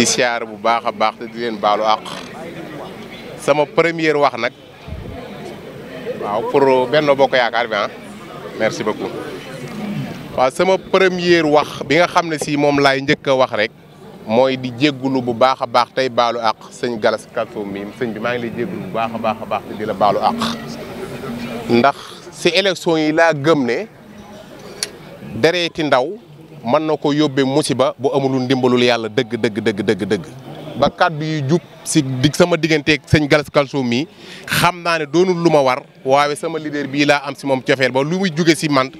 di siyaar bu baax a baax te di leen baalu àq sama première wax nag waaw pour Benno Bokk Yaakaar bi ah beaucoup waaw sama première wax bi nga xam ne si moom laay njëkk a wax rek mooy di jéggulu bu baax a baax tey baalu àq sëñ Galas Kaltoum miim sëñ bi maa ngi lay jéggulu bu baax a baax a baax te di la baalu àq ndax si élection yi laa gëm ne dereeti ndaw mën na ko yóbbee musiba bu amulul ndimbalul yàlla dëgg dëgg dëgg dëgg dëgg ba kàddu yu jub si dig sama digganteeg sëñ Gallas Kalsoum mi xam naa ne doonul lu ma war waaye sama leader bii laa am si moom cofeel ba lu muy jóge si man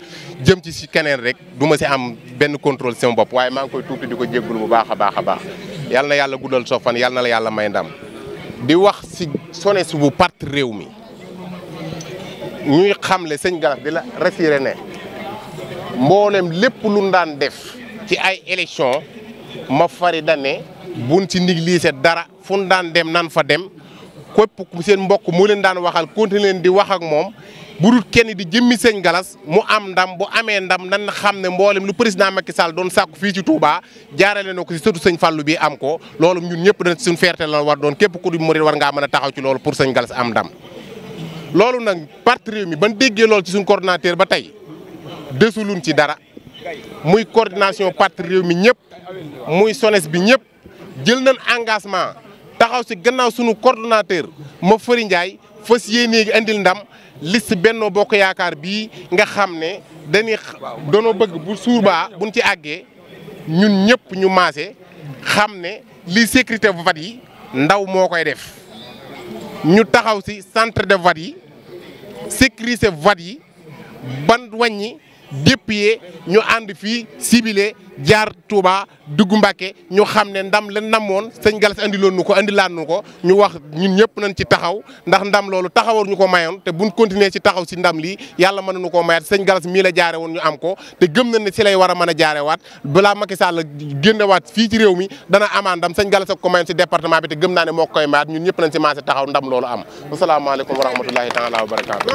jëm ci si keneen rek du ma si am benn contrôle si sama bopp waaye maa ngi koy tuuti di ko jéggul bu baax a baax a baax yàlla yàlla guddal soo fan yàlla na la yàlla may ndam di wax si sones bu part réew mi ñuy xamle sëñ Gallas di la rassuré ne mboolem lépp lu daan def ci ay élection ma fari dane bun ci négliger dara fu daan dem nan fa dem képp seen mbokk moo leen daan waxal continuer di wax ak moom bu dul kenn di jëmmi sëñ Galas mu am ndam bu amee ndam nan xam ne mboolem lu président Macky Sall doon sàkku fii ci Touba jaarale na ko si sëtu sëñ Fallou bi am ko loolu ñun ñëpp dana suñu fierté la war doon képp ku di murid war ngaa mën a taxaw ci loolu pour sëñ Galas am ndam. loolu nag parti Rewmi ban ci suñ coordonnateur ba tey desulun ci dara muy coordination parti réew mi ñëpp muy sones bi ñëpp jël nañ engagement taxaw si gannaaw sunu coordonnateur ma Fëri Ndiaye fas yéenee indil ndam liste Benno Bokk Yaakaar bii nga xam ne dañuy doonoo bëgg bu suurbaa buñ ci àggee ñun ñëpp ñu maase xam ne li sécurité vote yi ndaw moo koy def ñu taxaw si centre de vote yi sécurité vote yi ban wàññi déppiyee ñu ànd fii sibile jaar Touba dugg Mbàkke ñu xam ne ndam la namoon sëñ Gallas andiloon nu ko andilaan nu ko ñu wax ñu ñëpp nañ ci taxaw ndax ndam loolu taxawar ñu ko mayoon te buñ continer si taxaw si ndam lii yàlla mën nañu ko mayaat sëñ Gallas mii la jaare woon ñu am ko te gëm nañ ne si lay war a mën a jaarewaat balaa Macky Sall génnewaat fii ci réew mi dana amaan ndam sëñ Gallas ak ko mayoon si département bi te gëm naa ne moo koy mayaat ñun ñëpp nañ si maase taxaw ndam loolu am asalaamaaleykum wa rahmatulahi taala wa barakaatu